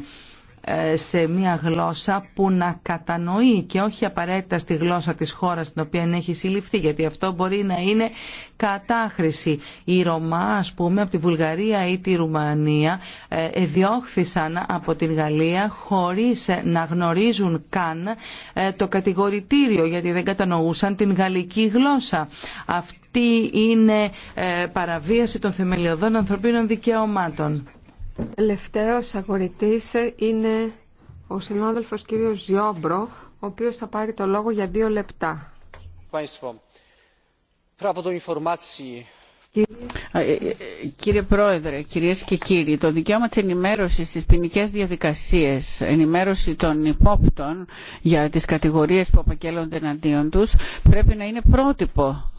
Ε, σε μια γλώσσα που να κατανοεί και όχι απαραίτητα στη γλώσσα της χώρας στην οποία έχει συλληφθεί γιατί αυτό μπορεί να είναι κατάχρηση. Οι Ρωμά ας πούμε από τη Βουλγαρία ή τη Ρουμανία ε, διώχθησαν από την Γαλλία χωρίς να γνωρίζουν καν ε, το κατηγορητήριο γιατί δεν κατανοούσαν την γαλλική γλώσσα. Αυτή είναι παραβίαση των θεμελιωδών ανθρωπίνων δικαιωμάτων. Τελευταίος αγορητής είναι ο συνάδελφος κύριος Ζιόμπρο, ο οποίος θα πάρει το λόγο για δύο λεπτά. Κύριε Πρόεδρε, κυρίες και κύριοι, το δικαίωμα της ενημέρωση στις ποινικέ διαδικασίες, ενημέρωση των υπόπτων για τις κατηγορίες που απαγγέλλονται εναντίον τους, πρέπει να είναι πρότυπο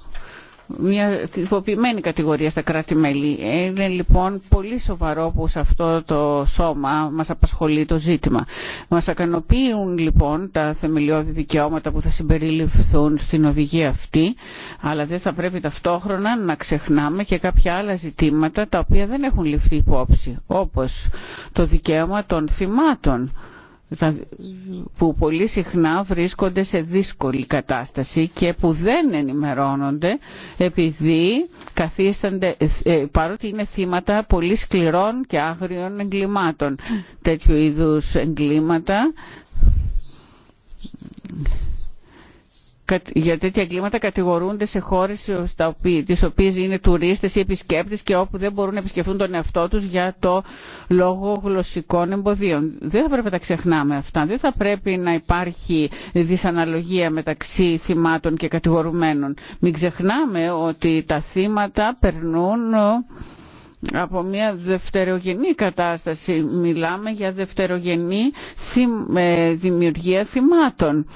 μια τυποποιημένη κατηγορία στα κράτη-μέλη. Ε, είναι λοιπόν πολύ σοβαρό που σε αυτό το σώμα μας απασχολεί το ζήτημα. Μας ακανοποιούν λοιπόν τα θεμελιώδη δικαιώματα που θα συμπεριληφθούν στην οδηγία αυτή, αλλά δεν θα πρέπει ταυτόχρονα να ξεχνάμε και κάποια άλλα ζητήματα τα οποία δεν έχουν ληφθεί υπόψη, όπως το δικαίωμα των θυμάτων που πολύ συχνά βρίσκονται σε δύσκολη κατάσταση και που δεν ενημερώνονται επειδή καθίστανται, ε, ε, παρότι είναι θύματα πολύ σκληρών και άγριων εγκλημάτων. Τέτοιου είδους εγκλήματα για τέτοια κλίματα κατηγορούνται σε χώρες τις οποίες είναι τουρίστες ή επισκέπτες και όπου δεν μπορούν να επισκεφθούν τον εαυτό τους για το λόγο γλωσσικών εμποδίων. Δεν θα πρέπει να τα ξεχνάμε αυτά. Δεν θα πρέπει να υπάρχει δυσαναλογία μεταξύ θυμάτων και κατηγορουμένων. Μην ξεχνάμε ότι τα θύματα περνούν από μια δευτερογενή κατάσταση. Μιλάμε για δευτερογενή ε, δημιουργία θυμάτων.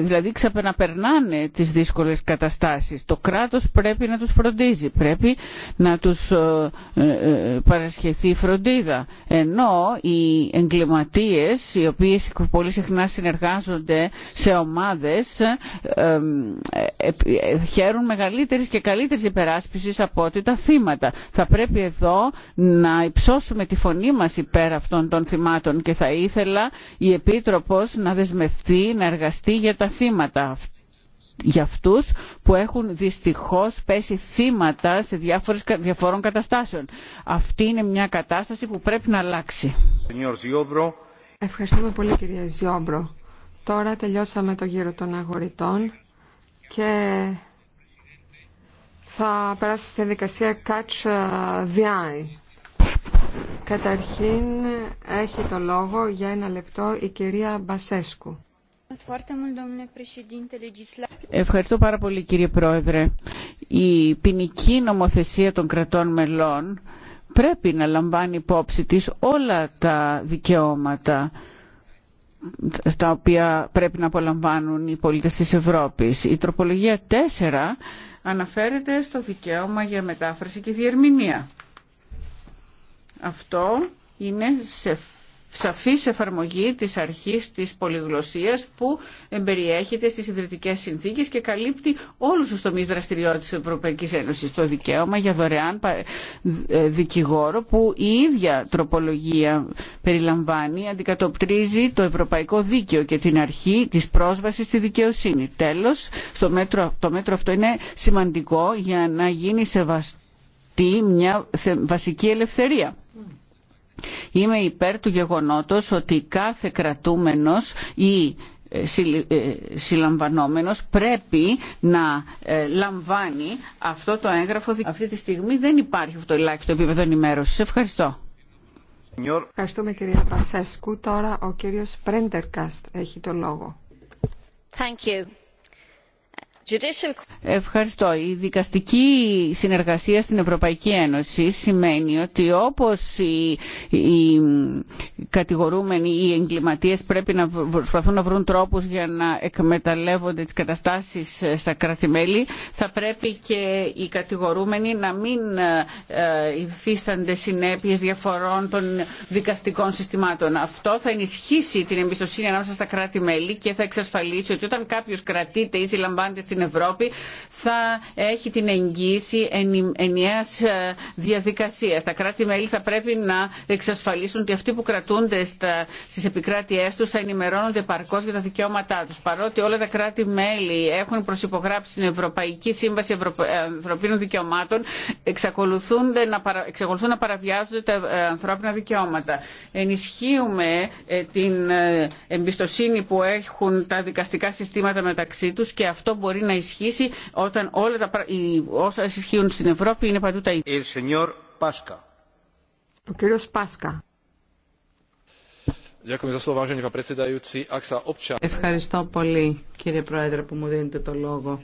Δηλαδή ξαπεναπερνάνε τις δύσκολες καταστάσεις. Το κράτος πρέπει να τους φροντίζει. Πρέπει να τους ε, ε, παρασχεθεί φροντίδα. Ενώ οι εγκληματίες, οι οποίες πολύ συχνά συνεργάζονται σε ομάδες, χαίρουν μεγαλύτερης και καλύτερης υπεράσπισης από ό,τι τα θύματα. Θα πρέπει εδώ να υψώσουμε τη φωνή μας υπέρ αυτών των θυμάτων και θα ήθελα η Επίτροπος να δεσμευτεί, να εργαστεί για τα θύματα για αυτούς που έχουν δυστυχώς πέσει θύματα σε διάφορες, διαφορών καταστάσεων. Αυτή είναι μια κατάσταση που πρέπει να αλλάξει. Ευχαριστούμε πολύ κυρία Ζιόμπρο. Τώρα τελειώσαμε το γύρο των αγορητών και θα περάσει στη διαδικασία catch ε, the eye. Καταρχήν έχει το λόγο για ένα λεπτό η κυρία Μπασέσκου. Ευχαριστώ πάρα πολύ κύριε Πρόεδρε. Η ποινική νομοθεσία των κρατών μελών πρέπει να λαμβάνει υπόψη της όλα τα δικαιώματα τα οποία πρέπει να απολαμβάνουν οι πολίτες της Ευρώπης. Η τροπολογία 4 αναφέρεται στο δικαίωμα για μετάφραση και διερμηνία. Αυτό είναι σε σαφής εφαρμογή της αρχής της πολυγλωσσίας που εμπεριέχεται στις ιδρυτικές συνθήκες και καλύπτει όλους τους τομείς δραστηριότητας της Ευρωπαϊκής Ένωσης. Το δικαίωμα για δωρεάν ε, δικηγόρο που η ίδια τροπολογία περιλαμβάνει αντικατοπτρίζει το ευρωπαϊκό δίκαιο και την αρχή της πρόσβασης στη δικαιοσύνη. Τέλος, στο μέτρο, το μέτρο αυτό είναι σημαντικό για να γίνει σεβαστή μια βασική ελευθερία Είμαι υπέρ του γεγονότος ότι κάθε κρατούμενος ή ε, ε, συλλαμβανόμενος πρέπει να ε, λαμβάνει αυτό το έγγραφο. Αυτή τη στιγμή δεν υπάρχει αυτό το ελάχιστο επίπεδο ενημέρωσης. Ευχαριστώ. Ευχαριστούμε κυρία Πασέσκου. Τώρα ο κύριος Πρέντερκαστ έχει το λόγο. Thank you. Ευχαριστώ. Η δικαστική συνεργασία στην Ευρωπαϊκή Ένωση σημαίνει ότι όπως οι, κατηγορούμενοι ή οι εγκληματίες πρέπει να προσπαθούν να βρουν τρόπους για να εκμεταλλεύονται τις καταστάσεις ε, στα κράτη-μέλη, θα πρέπει και οι κατηγορούμενοι να μην ε, ε, υφίστανται συνέπειες διαφορών των δικαστικών συστημάτων. Αυτό θα ενισχύσει την εμπιστοσύνη ανάμεσα στα κράτη-μέλη και θα εξασφαλίσει ότι όταν κάποιος κρατείται ή συλλαμβάνεται στην στην Ευρώπη θα έχει την εγγύηση ενιαίας ε, διαδικασία. Τα κράτη-μέλη θα πρέπει να εξασφαλίσουν ότι αυτοί που κρατούνται στις επικράτειές τους θα ενημερώνονται παρκώς για τα δικαιώματά τους. Παρότι όλα τα κράτη-μέλη έχουν προσυπογράψει την Ευρωπαϊκή Σύμβαση ε, Ανθρωπίνων Δικαιωμάτων, εξακολουθούν να παραβιάζονται τα ε, ανθρώπινα δικαιώματα. Ενισχύουμε την εμπιστοσύνη που έχουν τα δικαστικά συστήματα μεταξύ τους και αυτό μπορεί να ισχύσει όταν όλα τα, όσα ισχύουν στην Ευρώπη είναι παντού τα ίδια. Ο κύριος Πάσκα. Ευχαριστώ πολύ κύριε Πρόεδρε που μου δίνετε το λόγο.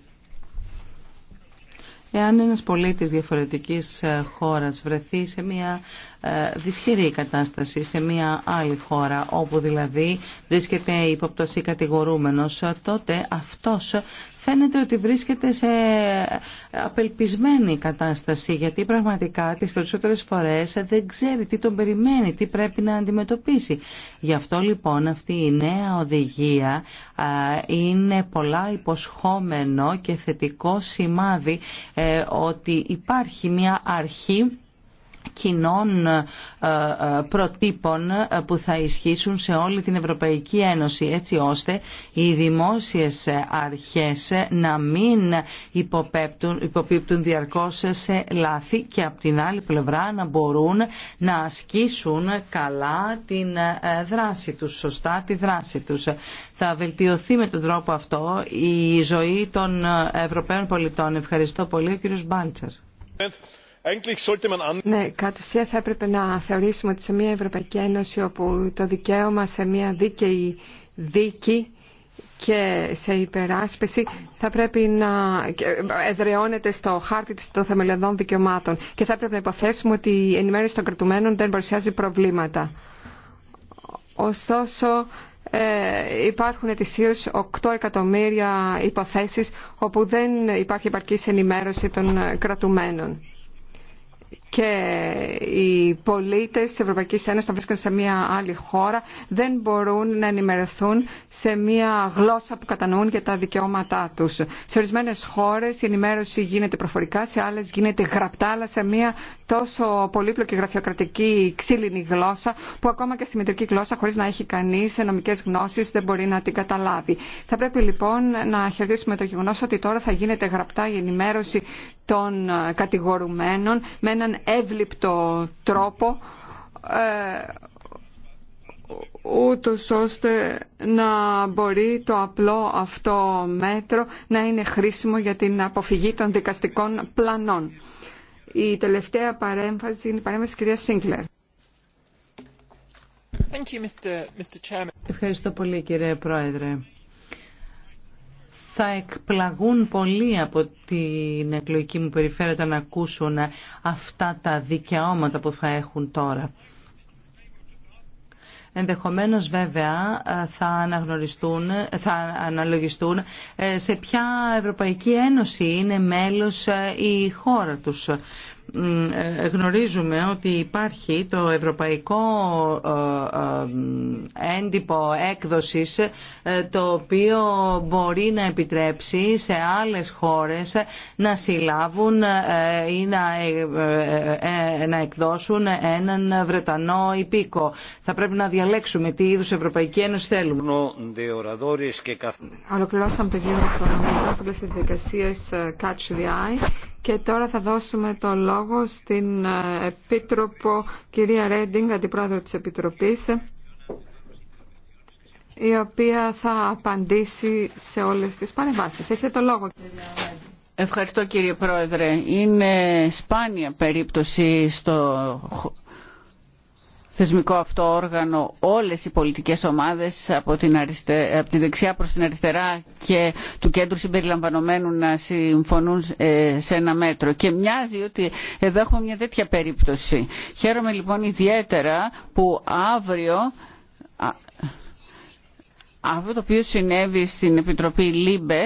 Εάν ένας πολίτης διαφορετικής ε, χώρας βρεθεί σε μια ε, δυσχερή κατάσταση σε μια άλλη χώρα όπου δηλαδή βρίσκεται υποπτωσή κατηγορούμενος τότε αυτός φαίνεται ότι βρίσκεται σε απελπισμένη κατάσταση γιατί πραγματικά τις περισσότερες φορές δεν ξέρει τι τον περιμένει, τι πρέπει να αντιμετωπίσει. Γι' αυτό λοιπόν αυτή η νέα οδηγία είναι πολλά υποσχόμενο και θετικό σημάδι ε, ότι υπάρχει μια αρχή κοινών ε, ε, προτύπων ε, που θα ισχύσουν σε όλη την Ευρωπαϊκή Ένωση έτσι ώστε οι δημόσιες αρχές να μην υποπέπτουν, υποπίπτουν διαρκώς σε λάθη και από την άλλη πλευρά να μπορούν να ασκήσουν καλά την δράση τους, σωστά τη δράση τους. Θα βελτιωθεί με τον τρόπο αυτό η ζωή των Ευρωπαίων πολιτών. Ευχαριστώ πολύ, ο κύριος Μπάλτσερ. Ναι, κατ' ουσία θα έπρεπε να θεωρήσουμε ότι σε μια Ευρωπαϊκή Ένωση όπου το δικαίωμα σε μια δίκαιη δίκη και σε υπεράσπιση θα πρέπει να εδραιώνεται στο χάρτη των θεμελιωδών δικαιωμάτων και θα πρέπει να υποθέσουμε ότι η ενημέρωση των κρατουμένων δεν παρουσιάζει προβλήματα. Ωστόσο, ε, υπάρχουν ετησίω 8 εκατομμύρια υποθέσεις όπου δεν υπάρχει επαρκής ενημέρωση των κρατουμένων και οι πολίτες της Ευρωπαϊκής Ένωσης που βρίσκονται σε μια άλλη χώρα δεν μπορούν να ενημερωθούν σε μια γλώσσα που κατανοούν για τα δικαιώματά τους. Σε ορισμένες χώρες η ενημέρωση γίνεται προφορικά, σε άλλες γίνεται γραπτά, αλλά σε μια τόσο πολύπλοκη γραφειοκρατική ξύλινη γλώσσα που ακόμα και στη μητρική γλώσσα χωρίς να έχει κανείς νομικές γνώσεις δεν μπορεί να την καταλάβει. Θα πρέπει λοιπόν να χαιρετήσουμε το γεγονός ότι τώρα θα γίνεται γραπτά η ενημέρωση των ε, κατηγορουμένων με έναν εύληπτο τρόπο ε, ούτως ώστε να μπορεί το απλό αυτό μέτρο να είναι χρήσιμο για την αποφυγή των δικαστικών πλανών. Η τελευταία παρέμβαση είναι η παρέμβαση της κυρίας Σίγκλερ. Ευχαριστώ πολύ κύριε Πρόεδρε θα εκπλαγούν πολύ από την εκλογική μου περιφέρεια όταν ακούσουν αυτά τα δικαιώματα που θα έχουν τώρα. Ενδεχομένως βέβαια θα, αναγνωριστούν, θα αναλογιστούν ε, σε ποια Ευρωπαϊκή Ένωση είναι μέλος ε, η χώρα τους. Ε, γνωρίζουμε ότι υπάρχει το ευρωπαϊκό ε, ε, έντυπο έκδοσης το οποίο μπορεί να επιτρέψει σε άλλες χώρες να συλλάβουν ή να, εκδώσουν έναν Βρετανό υπήκο. Θα πρέπει να διαλέξουμε τι είδους Ευρωπαϊκή Ένωση θέλουμε. Ολοκληρώσαμε το κύριο Catch και τώρα θα δώσουμε το λόγο στην ε, Επίτροπο κυρία Ρέντινγκ, Αντιπρόεδρο της Επιτροπής, η οποία θα απαντήσει σε όλες τις παρεμβάσεις. Έχετε το λόγο κυρία Ρέντινγκ. Ευχαριστώ κύριε Πρόεδρε. Είναι σπάνια περίπτωση στο θεσμικό αυτό όργανο όλες οι πολιτικές ομάδες από, την τη δεξιά προς την αριστερά και του κέντρου συμπεριλαμβανομένου να συμφωνούν ε, σε ένα μέτρο. Και μοιάζει ότι εδώ έχουμε μια τέτοια περίπτωση. Χαίρομαι λοιπόν ιδιαίτερα που αύριο... Αυτό το οποίο συνέβη στην Επιτροπή ΛΥΜΠΕ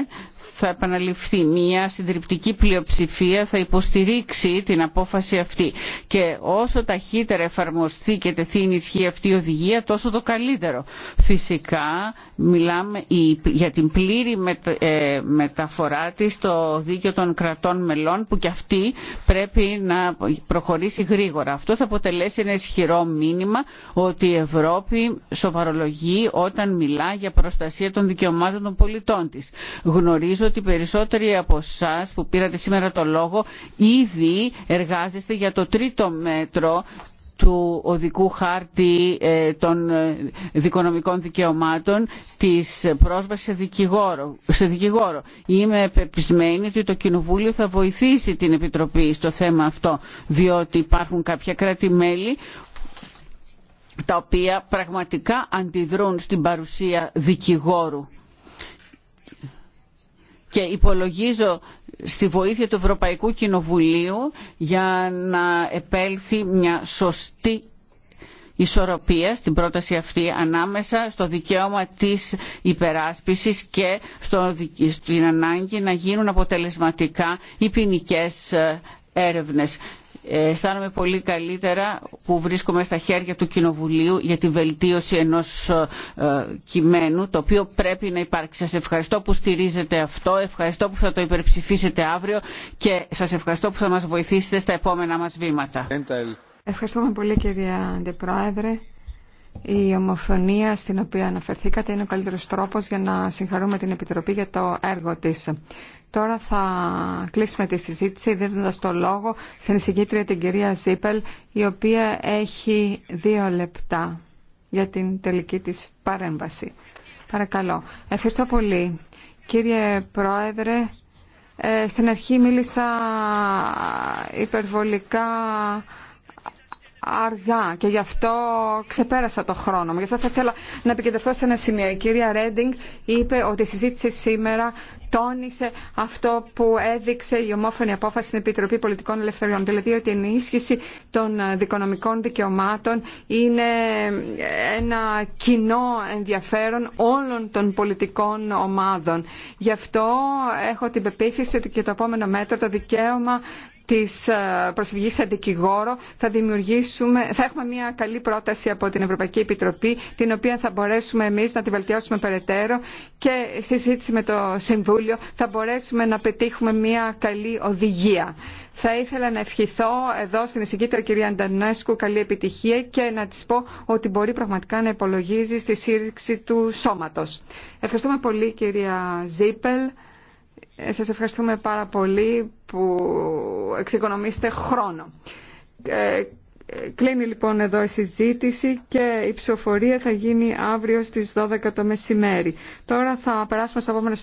θα επαναληφθεί. Μια συντριπτική πλειοψηφία θα υποστηρίξει την απόφαση αυτή. Και όσο ταχύτερα εφαρμοστεί και τεθεί η ισχύ αυτή η οδηγία, τόσο το καλύτερο. Φυσικά, μιλάμε για την πλήρη ε, μεταφορά της στο δίκαιο των κρατών μελών, που και αυτή πρέπει να προχωρήσει γρήγορα. Αυτό θα αποτελέσει ένα ισχυρό μήνυμα ότι η Ευρώπη σοβαρολογεί όταν μιλά για προστασία των δικαιωμάτων των πολιτών της ότι περισσότεροι από εσά που πήρατε σήμερα το λόγο ήδη εργάζεστε για το τρίτο μέτρο του οδικού χάρτη ε, των ε, δικονομικών δικαιωμάτων της πρόσβασης σε δικηγόρο. σε δικηγόρο. Είμαι πεπισμένη ότι το Κοινοβούλιο θα βοηθήσει την Επιτροπή στο θέμα αυτό, διότι υπάρχουν κάποια κράτη-μέλη τα οποία πραγματικά αντιδρούν στην παρουσία δικηγόρου και υπολογίζω στη βοήθεια του Ευρωπαϊκού Κοινοβουλίου για να επέλθει μια σωστή ισορροπία στην πρόταση αυτή ανάμεσα στο δικαίωμα της υπεράσπισης και στο, στην ανάγκη να γίνουν αποτελεσματικά οι ποινικέ ε, έρευνες. Ε, αισθάνομαι πολύ καλύτερα που βρίσκομαι στα χέρια του Κοινοβουλίου για τη βελτίωση ενός ε, κειμένου το οποίο πρέπει να υπάρξει. Σας ευχαριστώ που στηρίζετε αυτό, ευχαριστώ που θα το υπερψηφίσετε αύριο και σας ευχαριστώ που θα μας βοηθήσετε στα επόμενα μας βήματα. Ευχαριστούμε πολύ κυρία Αντιπρόεδρε. Η ομοφωνία στην οποία αναφερθήκατε είναι ο καλύτερος τρόπος για να συγχαρούμε την Επιτροπή για το έργο της. Τώρα θα κλείσουμε τη συζήτηση δίνοντα το λόγο στην συγκίτρια την κυρία Ζίπελ, η οποία έχει δύο λεπτά για την τελική της παρέμβαση. Παρακαλώ. Ευχαριστώ πολύ. Κύριε Πρόεδρε, ε, στην αρχή μίλησα υπερβολικά αργά και γι' αυτό ξεπέρασα το χρόνο μου. Γι' αυτό θα ήθελα να επικεντρωθώ σε ένα σημείο. Η κυρία Ρέντινγκ είπε ότι η συζήτηση σήμερα τόνισε αυτό που έδειξε η ομόφωνη απόφαση στην Επιτροπή Πολιτικών Ελευθεριών. Δηλαδή ότι η ενίσχυση των δικονομικών δικαιωμάτων είναι ένα κοινό ενδιαφέρον όλων των πολιτικών ομάδων. Γι' αυτό έχω την πεποίθηση ότι και το επόμενο μέτρο, το δικαίωμα της ε, προσφυγής σε δικηγόρο θα, δημιουργήσουμε, θα έχουμε μια καλή πρόταση από την Ευρωπαϊκή Επιτροπή την οποία θα μπορέσουμε εμείς να τη βελτιώσουμε περαιτέρω και στη συζήτηση με το Συμβούλιο θα μπορέσουμε να πετύχουμε μια καλή οδηγία. Θα ήθελα να ευχηθώ εδώ στην εισηγήτρια κυρία Αντανέσκου καλή επιτυχία και να της πω ότι μπορεί πραγματικά να υπολογίζει στη σύρρηξη του σώματος. Ευχαριστούμε πολύ κυρία Ζήπελ. Ε, σας ευχαριστούμε πάρα πολύ που εξοικονομήσετε χρόνο. Ε, κλείνει λοιπόν εδώ η συζήτηση και η ψηφοφορία θα γίνει αύριο στις 12 το μεσημέρι. Τώρα θα περάσουμε στα επόμενα